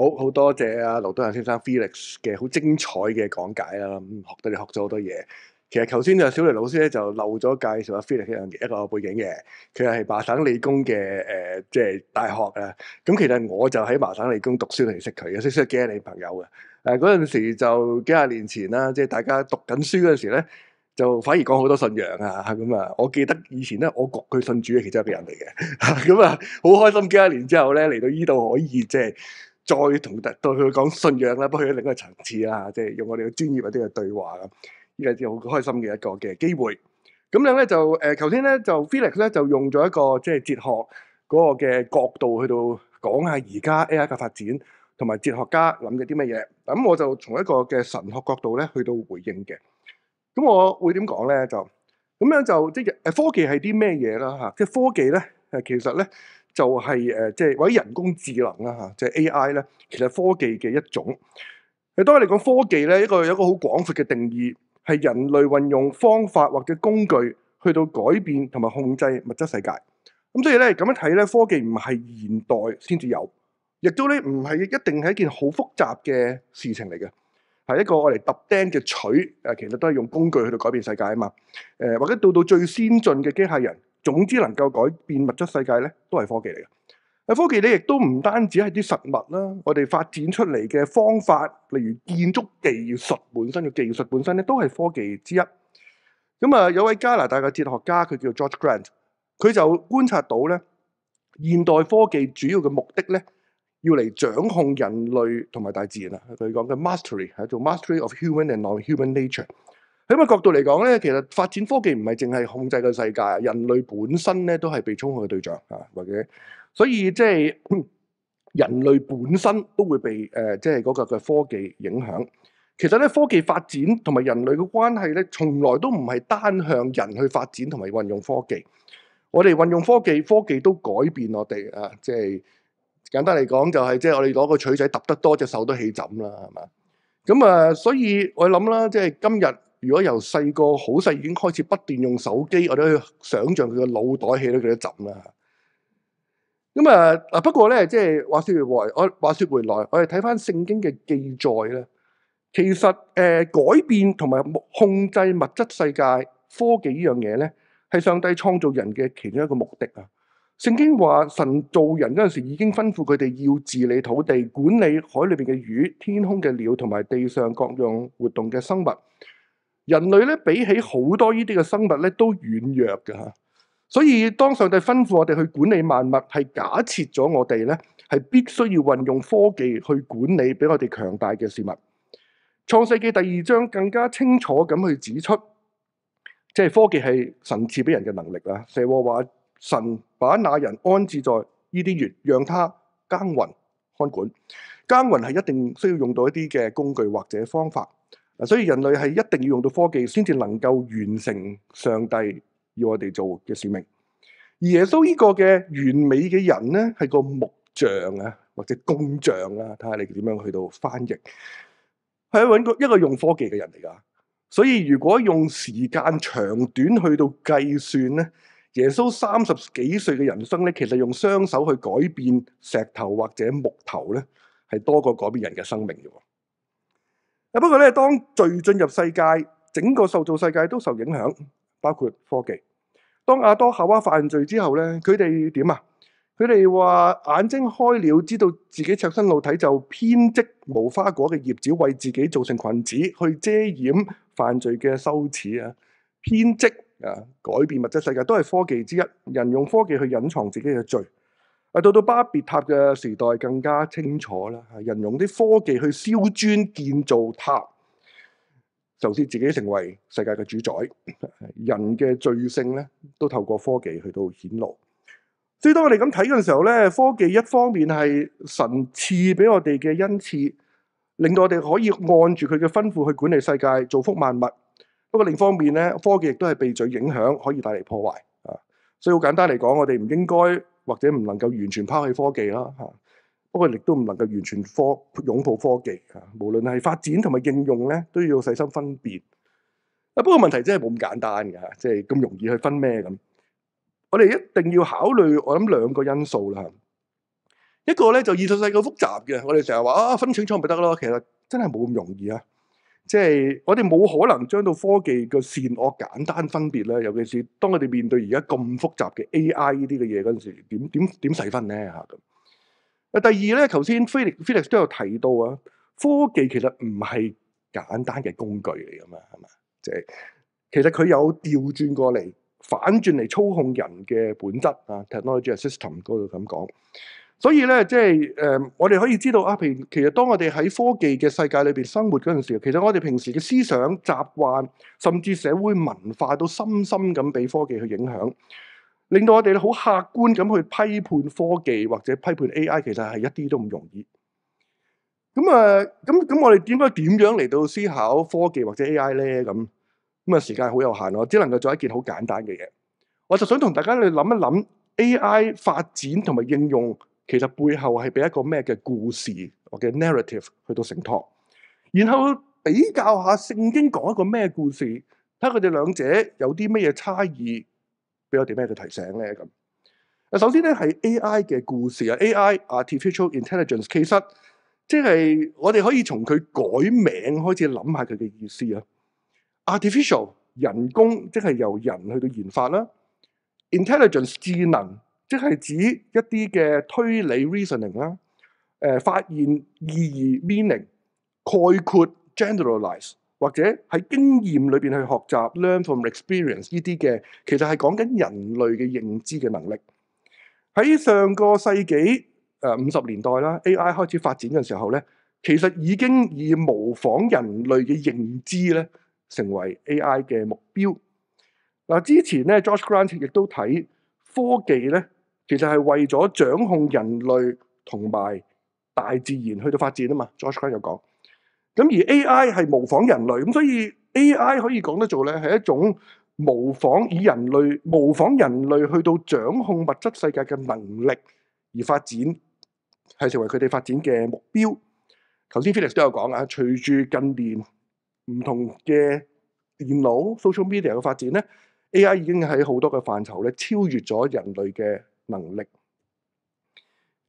好好多謝阿盧敦行先生 Felix 嘅好精彩嘅講解啦，學到你學咗好多嘢。其實頭先就小雷老師咧就漏咗介紹下 Felix 一樣嘢，一個背景嘅，佢係麻省理工嘅誒，即、呃、係、就是、大學啊。咁其實我就喺麻省理工讀書嚟識佢嘅，算係幾你朋友嘅。誒，嗰陣時就幾廿年前啦，即係大家讀緊書嗰時咧，就反而講好多信仰啊。咁啊，我記得以前咧，我覺佢信主嘅其中一個人嚟嘅，咁啊，好開心。幾廿年之後咧，嚟到呢度可以即係。再同特對佢講信仰啦，幫佢喺另一個層次啦，即係用我哋嘅專業或者嘅對話咁，呢個係好開心嘅一個嘅機會。咁樣咧就誒，頭先咧就 Felix 咧就用咗一個即係哲學嗰個嘅角度去到講下而家 AI 嘅發展同埋哲學家諗嘅啲乜嘢。咁我就從一個嘅神學角度咧去到回應嘅。咁我會點講咧就咁樣就即係誒科技係啲咩嘢啦嚇？即係科技咧誒其實咧。就係、是、誒，即係或者人工智能啦嚇，即、就、係、是、A I 咧，其實科技嘅一種。你當我哋講科技咧，一個有一個好廣闊嘅定義，係人類運用方法或者工具去到改變同埋控制物質世界。咁所以咧，咁樣睇咧，科技唔係現代先至有，亦都咧唔係一定係一件好複雜嘅事情嚟嘅。係一個我嚟揼釘嘅錘，誒其實都係用工具去到改變世界啊嘛。誒、呃、或者到到最先進嘅機械人。總之，能夠改變物質世界咧，都係科技嚟嘅。啊，科技咧，亦都唔單止係啲實物啦，我哋發展出嚟嘅方法，例如建築技術本身嘅技術本身咧，都係科技之一。咁啊，有一位加拿大嘅哲學家，佢叫 George Grant，佢就觀察到咧，現代科技主要嘅目的咧，要嚟掌控人類同埋大自然啊。佢講嘅 mastery 係做 mastery of human and non-human nature。喺個角度嚟講咧，其實發展科技唔係淨係控制個世界，人類本身咧都係被操控嘅對象啊，或者，所以即係人類本身都會被誒即係嗰個嘅科技影響。其實咧，科技發展同埋人類嘅關係咧，從來都唔係單向人去發展同埋運用科技。我哋運用科技，科技都改變我哋啊！即係簡單嚟講，就係即係我哋攞個錘仔揼得多，隻手都起枕啦，係嘛？咁啊，所以我諗啦，即係今日。如果由細個好細已經開始不斷用手機，我都去想象佢嘅腦袋起得幾多震啦。咁啊，嗱不過咧，即係話說回來，我話說回來，我哋睇翻聖經嘅記載咧，其實誒、呃、改變同埋控制物質世界科技呢樣嘢咧，係上帝創造人嘅其中一個目的啊。聖經話神造人嗰陣時已經吩咐佢哋要治理土地，管理海裏邊嘅魚、天空嘅鳥同埋地上各樣活動嘅生物。人類咧，比起好多呢啲嘅生物咧都軟弱㗎。吓，所以當上帝吩咐我哋去管理萬物，係假設咗我哋咧，係必須要運用科技去管理比我哋強大嘅事物。創世記第二章更加清楚咁去指出，即係科技係神賜俾人嘅能力啦。耶和華神把那人安置在伊甸園，讓他耕耘看管。耕耘係一定需要用到一啲嘅工具或者方法。所以人類係一定要用到科技，先至能夠完成上帝要我哋做嘅使命。而耶穌呢個嘅完美嘅人呢，係個木匠啊，或者工匠啊，睇下你點樣去到翻譯，係揾個一個用科技嘅人嚟㗎。所以如果用時間長短去到計算呢，耶穌三十幾歲嘅人生呢，其實用雙手去改變石頭或者木頭呢，係多過改變人嘅生命嘅喎。不過當罪進入世界，整個受造世界都受影響，包括科技。當阿多夏娃犯罪之後呢，佢哋點啊？佢哋話眼睛開了，知道自己赤身露體，就編織無花果嘅葉子為自己做成裙子，去遮掩犯罪嘅羞恥啊！編織啊，改變物質世界都係科技之一，人用科技去隱藏自己嘅罪。啊！到到巴別塔嘅時代更加清楚啦，人用啲科技去燒磚建造塔，就算自己成為世界嘅主宰。人嘅罪性咧，都透過科技去到顯露。所以當我哋咁睇嘅時候咧，科技一方面係神賜俾我哋嘅恩賜，令到我哋可以按住佢嘅吩咐去管理世界、造福萬物。不過另一方面咧，科技亦都係被罪影響，可以帶嚟破壞啊。所以好簡單嚟講，我哋唔應該。或者唔能夠完全拋棄科技啦，吓，不過亦都唔能夠完全科擁抱科技，無論係發展同埋應用咧，都要細心分辨。啊，不過問題真係冇咁簡單㗎，即係咁容易去分咩咁。我哋一定要考慮，我諗兩個因素啦，一個咧就二十世紀複雜嘅，我哋成日話啊分清楚咪得咯，其實真係冇咁容易啊。即係我哋冇可能將到科技嘅善惡簡單分別啦，尤其是當我哋面對而家咁複雜嘅 AI 的分呢啲嘅嘢嗰陣時，點點點細分咧嚇咁。誒，第二咧，頭先 Felix Felix 都有提到啊，科技其實唔係簡單嘅工具嚟㗎嘛，係嘛？即係其實佢有調轉過嚟，反轉嚟操控人嘅本質啊，Technology System 嗰度咁講。所以咧，即係誒、呃，我哋可以知道啊。譬如，其實當我哋喺科技嘅世界裏邊生活嗰陣時候，其實我哋平時嘅思想習慣，甚至社會文化，都深深咁俾科技去影響，令到我哋咧好客觀咁去批判科技或者批判 A.I. 其實係一啲都唔容易。咁啊，咁、呃、咁我哋應該點樣嚟到思考科技或者 A.I. 呢？咁咁啊，那個、時間好有限咯，我只能夠做一件好簡單嘅嘢。我就想同大家去諗一諗 A.I. 發展同埋應用。其實背後係俾一個咩嘅故事或者 narrative 去到承托，然後比較下聖經講一個咩故事，睇下佢哋兩者有啲咩嘢差異，俾我哋咩嘅提醒咧咁。首先咧係 AI 嘅故事啊，AI artificial intelligence 其實即係我哋可以從佢改名開始諗下佢嘅意思啊。Artificial 人工即係由人去到研發啦，intelligence 智能。即係指一啲嘅推理 reasoning 啦、呃，誒發現意義 meaning、概括 generalize 或者喺經驗裏邊去學習 learn from experience 呢啲嘅，其實係講緊人類嘅認知嘅能力。喺上個世紀誒五十年代啦，AI 開始發展嘅時候咧，其實已經以模仿人類嘅認知咧成為 AI 嘅目標。嗱，之前咧，Josh Grant 亦都睇科技咧。其實係為咗掌控人類同埋大自然去到發展啊嘛，George 有講。咁而 AI 係模仿人類，咁所以 AI 可以講得做咧係一種模仿以人類模仿人類去到掌控物質世界嘅能力而發展，係成為佢哋發展嘅目標。頭先 p Felix 都有講啊，隨住近年唔同嘅電腦 social media 嘅發展咧，AI 已經喺好多嘅範疇咧超越咗人類嘅能力，誒、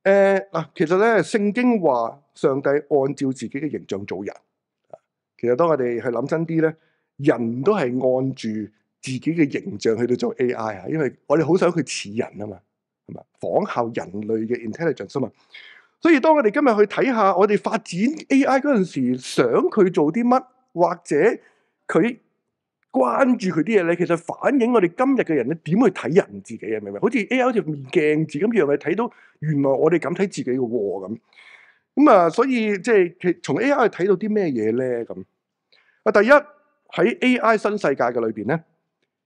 呃、嗱，其實咧聖經話上帝按照自己嘅形象做人，其實當我哋去諗真啲咧，人都係按住自己嘅形象去到做 AI 啊，因為我哋好想佢似人啊嘛，係嘛，仿效人類嘅 intelligence 啊嘛，所以當我哋今日去睇下我哋發展 AI 嗰陣時，想佢做啲乜或者佢。關注佢啲嘢咧，其實反映我哋今日嘅人咧點去睇人自己啊？明唔明？好似 A.I. 條面鏡子咁，一樣係睇到原來我哋咁睇自己嘅喎咁。咁啊，所以即係從 A.I. 去睇到啲咩嘢咧？咁啊，第一喺 A.I. 新世界嘅裏邊咧，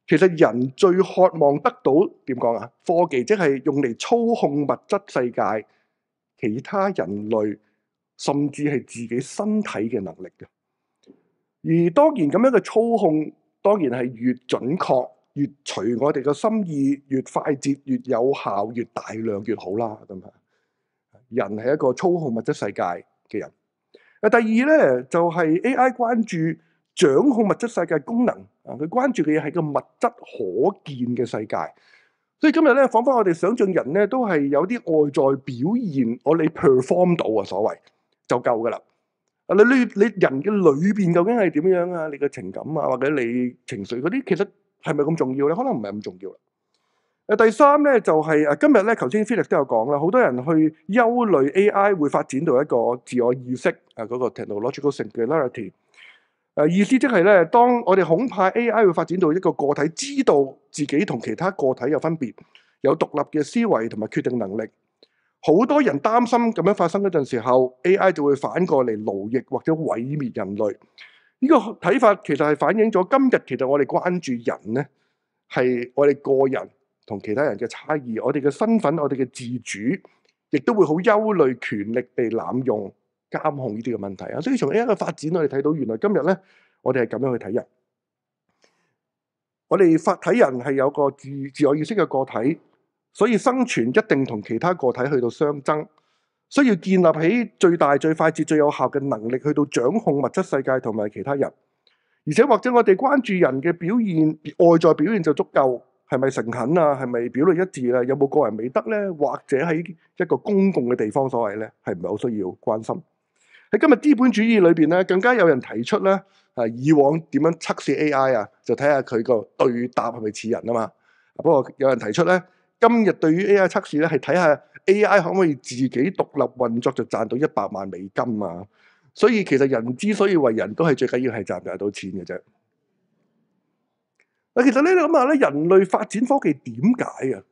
其實人最渴望得到點講啊？科技即係用嚟操控物質世界、其他人類，甚至係自己身體嘅能力嘅。而當然咁樣嘅操控。當然係越準確、越隨我哋嘅心意、越快捷、越有效、越大量越好啦，咁啊！人係一個操控物質世界嘅人。啊，第二咧就係 A.I. 關注掌控物質世界功能啊，佢關注嘅嘢係個物質可見嘅世界。所以今日咧，彷彿我哋想象人咧都係有啲外在表現，我哋 perform 到啊，所謂就夠㗎喇。啊！你你人嘅裏邊究竟係點樣啊？你嘅情感啊，或者你情緒嗰啲，其實係咪咁重要咧？可能唔係咁重要啦。誒第三咧就係誒，今日咧，頭先 Felix 都有講啦，好多人去憂慮 AI 會發展到一個自我意識，誒嗰個 technological singularity 誒意思即係咧，當我哋恐怕 AI 會發展到一個個體知道自己同其他個體有分別，有獨立嘅思維同埋決定能力。好多人擔心咁樣發生嗰陣時候，A.I. 就會反過嚟奴役或者毀滅人類。呢個睇法其實係反映咗今日其實我哋關注人呢，係我哋個人同其他人嘅差異，我哋嘅身份、我哋嘅自主，亦都會好憂慮權力被濫用、監控呢啲嘅問題啊。所以從 A.I. 嘅發展，我哋睇到原來今日呢，我哋係咁樣去睇人。我哋發睇人係有個自自我意識嘅個體。所以生存一定同其他個體去到相爭，需要建立起最大、最快捷、最有效嘅能力，去到掌控物質世界同埋其他人。而且或者我哋關注人嘅表現，外在表現就足夠，係咪誠懇啊？係咪表裏一致啊？有冇個人美德呢？或者喺一個公共嘅地方，所謂呢？係唔係好需要關心？喺今日資本主義裏面咧，更加有人提出呢：以往點樣測試 AI 啊？就睇下佢個對答係咪似人啊嘛。不過有人提出呢。今日對於 AI 測試咧，係睇下 AI 可唔可以自己獨立運作就賺到一百萬美金啊？所以其實人之所以為人，都係最緊要係賺唔賺到錢嘅啫。嗱，其實咧，你諗下咧，人類發展科技點解啊？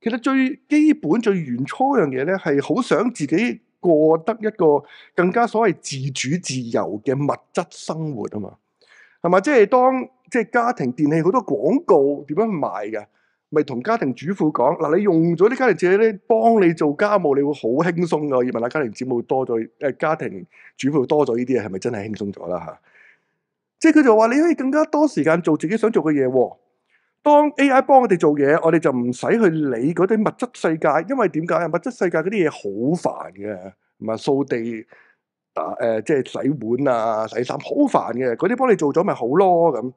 其實最基本、最原初嗰樣嘢咧，係好想自己過得一個更加所謂自主、自由嘅物質生活啊嘛。係咪？即係當即係家庭電器好多廣告點樣賣㗎？咪同家庭主婦講嗱，你用咗啲家庭姐咧，幫你做家務，你會好輕鬆㗎。以問下家庭姐妹多咗，誒家庭主婦多咗呢啲嘢，係咪真係輕鬆咗啦？嚇，即係佢就話你可以更加多時間做自己想做嘅嘢。當 AI 幫我哋做嘢，我哋就唔使去理嗰啲物質世界，因為點解啊？物質世界嗰啲嘢好煩嘅，唔係掃地、打誒、呃、即係洗碗啊、洗衫好煩嘅，嗰啲幫你做咗咪好咯咁。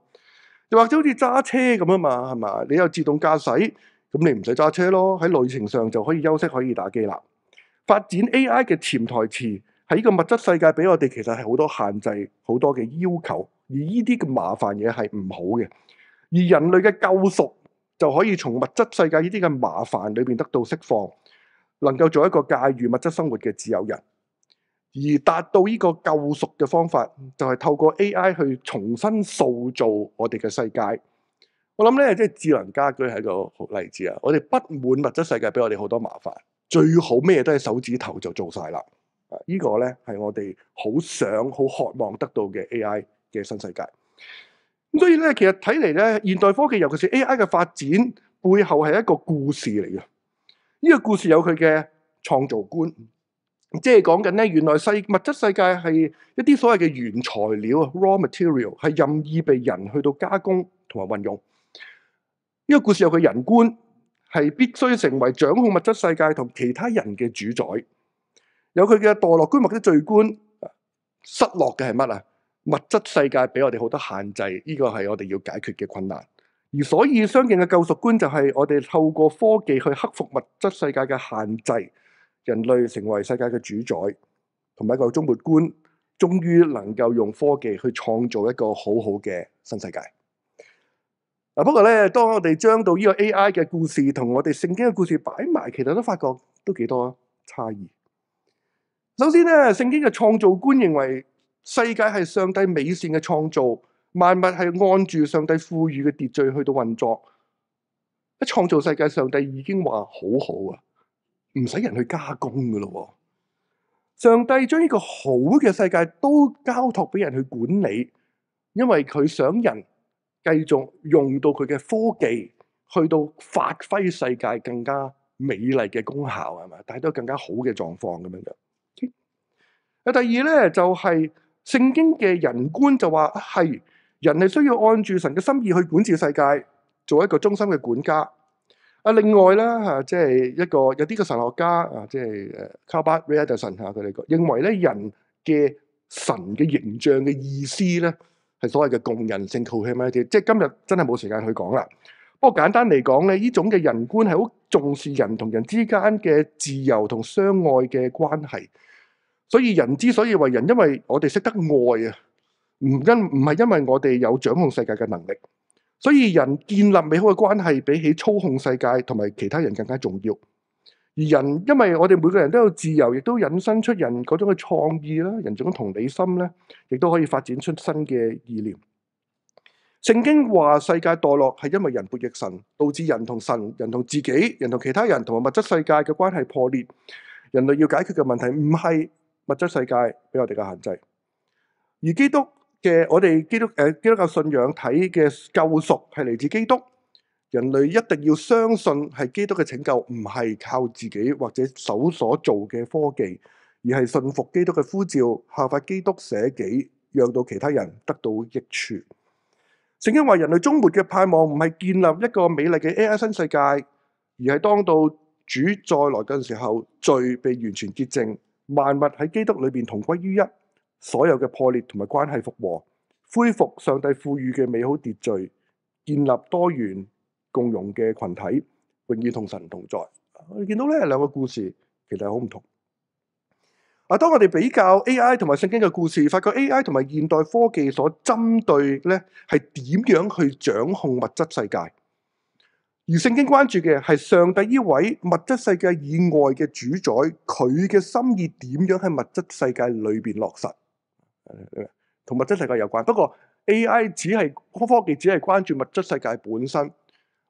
又或者好似揸車咁啊嘛，係嘛？你有自動駕駛，咁你唔使揸車咯。喺旅程上就可以休息，可以打機啦。發展 AI 嘅潛台詞，喺呢個物質世界俾我哋其實係好多限制，好多嘅要求。而呢啲嘅麻煩嘢係唔好嘅。而人類嘅救贖就可以從物質世界呢啲嘅麻煩裏邊得到釋放，能夠做一個駕馭物質生活嘅自由人。而達到呢個救贖嘅方法，就係、是、透過 AI 去重新塑造我哋嘅世界。我諗咧，即係智能家居係一個例子啊！我哋不滿物質世界俾我哋好多麻煩，最好咩都係手指頭就做晒啦。這個、呢個咧係我哋好想、好渴望得到嘅 AI 嘅新世界。咁所以咧，其實睇嚟咧，現代科技尤其是 AI 嘅發展，背後係一個故事嚟嘅。呢、這個故事有佢嘅創造觀。即係講緊咧，原來世物質世界係一啲所謂嘅原材料啊，raw material 係任意被人去到加工同埋運用。呢個故事有佢人觀，係必須成為掌控物質世界同其他人嘅主宰。有佢嘅墮落觀或者罪觀，失落嘅係乜啊？物質世界俾我哋好多限制，呢個係我哋要解決嘅困難。而所以相應嘅救贖觀就係我哋透過科技去克服物質世界嘅限制，人類成為世界嘅主宰，同埋一個終末觀，終於能夠用科技去創造一個好好嘅新世界。不過呢，當我哋將到呢個 A I 嘅故事同我哋聖經嘅故事擺埋，其實都發覺都幾多差異。首先呢，聖經嘅創造觀認為世界係上帝美善嘅創造，萬物係按住上帝賦予嘅秩序去到運作。喺創造世界，上帝已經話好好啊。唔使人去加工噶咯，上帝將呢個好嘅世界都交託俾人去管理，因為佢想人繼續用到佢嘅科技，去到發揮世界更加美麗嘅功效，係嘛？帶到更加好嘅狀況咁樣樣。Okay? 第二咧就係、是、聖經嘅人觀就話係人係需要按住神嘅心意去管治世界，做一個忠心嘅管家。啊，另外啦，嚇，即係一個有啲個神學家啊，即係誒卡巴雷亞德森嚇，佢哋個認為咧，人嘅神嘅形象嘅意思咧，係所謂嘅共人性陶器嗎？即係今日真係冇時間去講啦。不過簡單嚟講咧，呢種嘅人觀係好重視人同人之間嘅自由同相愛嘅關係。所以人之所以為人，因為我哋識得愛啊，唔因唔係因為我哋有掌控世界嘅能力。所以人建立美好嘅關係，比起操控世界同埋其他人更加重要。而人因為我哋每個人都有自由，亦都引申出人嗰種嘅創意啦，人種同理心咧，亦都可以發展出新嘅意念。聖經話世界墮落係因為人悖逆神，導致人同神、人同自己、人同其他人同埋物質世界嘅關係破裂。人類要解決嘅問題唔係物質世界俾我哋嘅限制，而基督。嘅，的我哋基督誒基督教信仰睇嘅救贖係嚟自基督，人類一定要相信係基督嘅拯救，唔係靠自己或者手所做嘅科技，而係信服基督嘅呼召，效法基督捨己，讓到其他人得到益處。聖經話人類終末嘅盼望唔係建立一個美麗嘅 AI 新世界，而係當到主再來嘅時候，罪被完全潔淨，萬物喺基督裏邊同歸於一。所有嘅破裂同埋關係復和，恢復上帝賦予嘅美好秩序，建立多元共融嘅群體，永遠同神同在。我哋見到呢兩個故事其實好唔同。嗱，當我哋比較 A.I. 同埋聖經嘅故事，發覺 A.I. 同埋現代科技所針對呢係點樣去掌控物質世界，而聖經關注嘅係上帝呢位物質世界以外嘅主宰，佢嘅心意點樣喺物質世界裏邊落實。同物質世界有關，不過 A.I. 只係科科技，只係關注物質世界本身。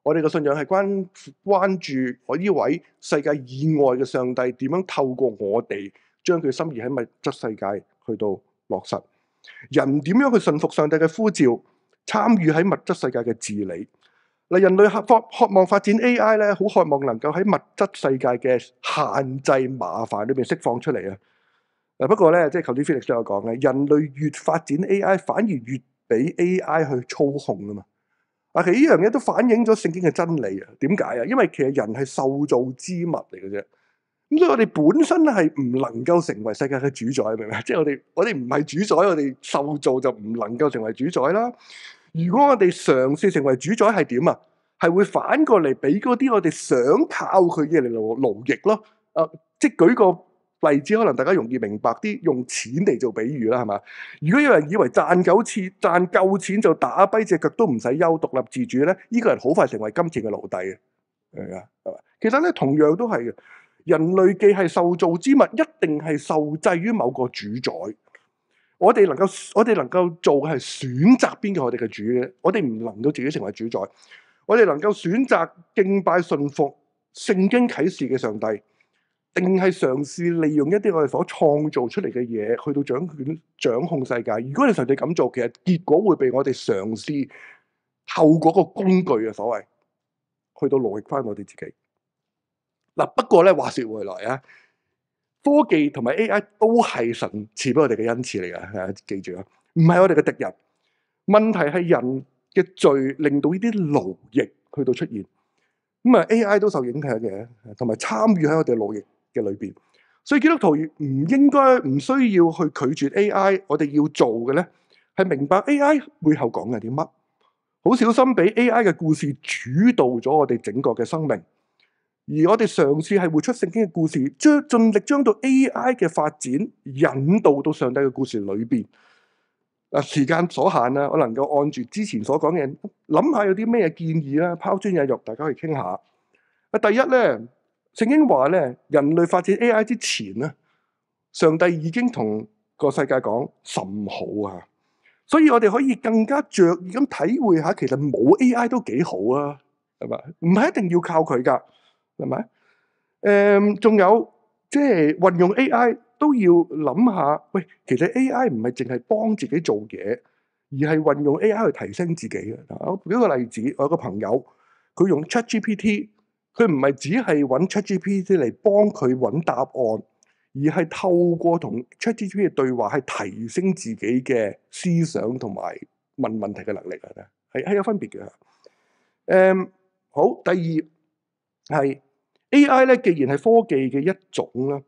我哋嘅信仰係關關注我呢位世界以外嘅上帝點樣透過我哋將佢心意喺物質世界去到落實。人點樣去順服上帝嘅呼召，參與喺物質世界嘅治理？嗱，人類渴渴望發展 A.I. 咧，好渴望能夠喺物質世界嘅限制麻煩裏面釋放出嚟啊！嗱，不過咧，即係頭先菲力斯都有講嘅，人類越發展 A.I.，反而越俾 A.I. 去操控啊嘛。嗱，其實呢樣嘢都反映咗聖經嘅真理啊。點解啊？因為其實人係受造之物嚟嘅啫，咁所以我哋本身係唔能夠成為世界嘅主宰，明唔明？即係我哋我哋唔係主宰，我哋受造就唔能夠成為主宰啦。如果我哋嘗試成為主宰，係點啊？係會反過嚟俾嗰啲我哋想靠佢嘅嚟勞勞役咯。誒、呃，即係舉個。例子可能大家容易明白啲，用錢嚟做比喻啦，係嘛？如果有人以為賺夠錢賺夠錢就打跛隻腳都唔使休、獨立自主呢，呢、呢個人好快成為金錢嘅奴隸嘅。係啊，其實咧，同樣都係人類既係受造之物，一定係受制於某個主宰。我哋能夠我哋能夠做嘅係選擇邊個我哋嘅主嘅，我哋唔能夠自己成為主宰。我哋能夠選擇敬拜信服聖經啟示嘅上帝，定係嘗試利用一啲我哋所創造出嚟嘅嘢，去到掌權、掌控世界。如果你實際咁做，其實結果會被我哋嘗試透過個工具啊，所謂去到奴役翻我哋自己。嗱，不過咧，話說回來啊，科技同埋 A I 都係神賜俾我哋嘅恩賜嚟噶係啊，記住啊，唔係我哋嘅敵人。問題係人嘅罪令到呢啲奴役去到出現。咁啊，A I 都受影響嘅，同埋參與喺我哋嘅奴役嘅裏邊，所以基督徒唔應該唔需要去拒絕 A.I.，我哋要做嘅呢係明白 A.I. 背後講緊啲乜，好小心俾 A.I. 嘅故事主導咗我哋整個嘅生命。而我哋嘗試係活出聖經嘅故事，將盡力將到 A.I. 嘅發展引導到上帝嘅故事裏邊。啊，時間所限啊，我能夠按住之前所講嘅，諗下有啲咩建議啦，拋磚引玉，大家可以傾下。第一呢。聖經話咧，人類發展 A.I. 之前呢，上帝已經同個世界講甚好啊，所以我哋可以更加着意咁體會下，其實冇 A.I. 都幾好啊，係咪？唔係一定要靠佢噶，係咪？誒、嗯，仲有即係運用 A.I. 都要諗下，喂，其實 A.I. 唔係淨係幫自己做嘢，而係運用 A.I. 去提升自己嘅。我舉個例子，我有個朋友，佢用 ChatGPT。佢唔係只係揾 ChatGPT 嚟幫佢揾答案，而係透過同 ChatGPT 嘅對話，係提升自己嘅思想同埋問問題嘅能力啊！係係有分別嘅。誒、嗯，好，第二係 AI 咧，既然係科技嘅一種啦，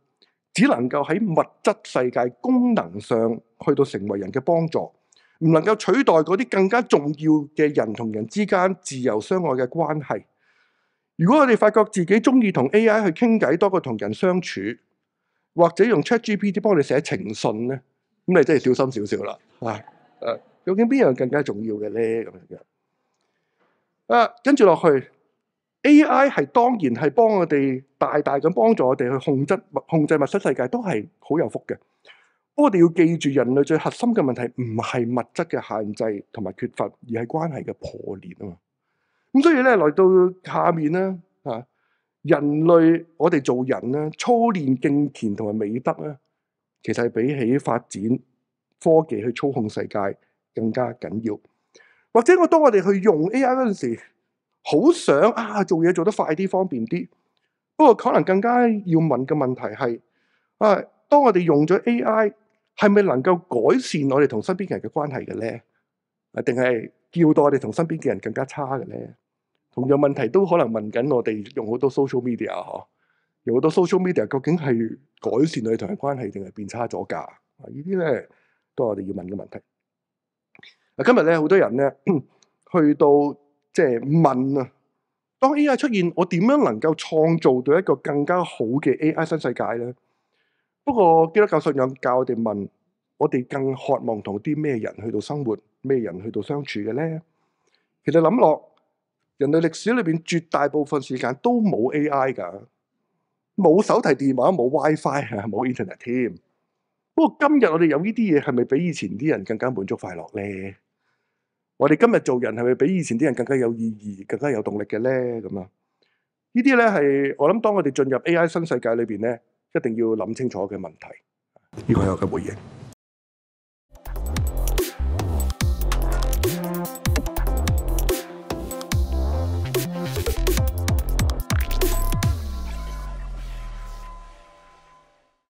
只能夠喺物質世界功能上去到成為人嘅幫助，唔能夠取代嗰啲更加重要嘅人同人之間自由相愛嘅關係。如果我哋發覺自己中意同 AI 去傾偈多過同人相處，或者用 ChatGPT 幫你寫情信咧，咁你真係小心少少啦。係誒、啊，究竟邊樣更加重要嘅咧？咁樣啊，跟住落去，AI 係當然係幫我哋大大咁幫助我哋去控制控制物質世界，都係好有福嘅。不過我哋要記住，人類最核心嘅問題唔係物質嘅限制同埋缺乏，而係關係嘅破裂啊嘛。咁所以咧，來到下面咧，人類我哋做人咧，操練敬虔同埋美德咧，其實係比起發展科技去操控世界更加緊要。或者我當我哋去用 A.I. 嗰陣時，好想啊，做嘢做得快啲，方便啲。不過可能更加要問嘅問題係：啊，當我哋用咗 A.I. 係咪能夠改善我哋同身邊嘅人嘅關係嘅咧？啊，定係叫到我哋同身邊嘅人更加差嘅咧？同樣問題都可能問緊我哋用好多 social media 嗬，用好多 social media 究竟係改善佢同人關係，定係變差咗架？啊，呢啲咧都係我哋要問嘅問題。嗱，今日咧好多人咧去到即係問啊，當 AI 出現，我點樣能夠創造到一個更加好嘅 AI 新世界咧？不過，基督教信仰教我哋問，我哋更渴望同啲咩人去到生活，咩人去到相處嘅咧？其實諗落。人類歷史裏邊絕大部分時間都冇 AI 㗎，冇手提電話、冇 WiFi、冇 Internet 添。不過今日我哋有呢啲嘢，係咪比以前啲人更加滿足快樂咧？我哋今日做人係咪比以前啲人更加有意義、更加有動力嘅咧？咁啊，這些呢啲咧係我諗當我哋進入 AI 新世界裏邊咧，一定要諗清楚嘅問題。呢個係我嘅回應。